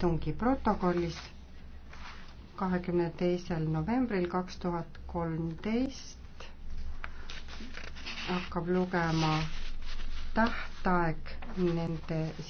istungi protokollis kahekümne teisel novembril kaks tuhat kolmteist hakkab lugema tähtaeg nende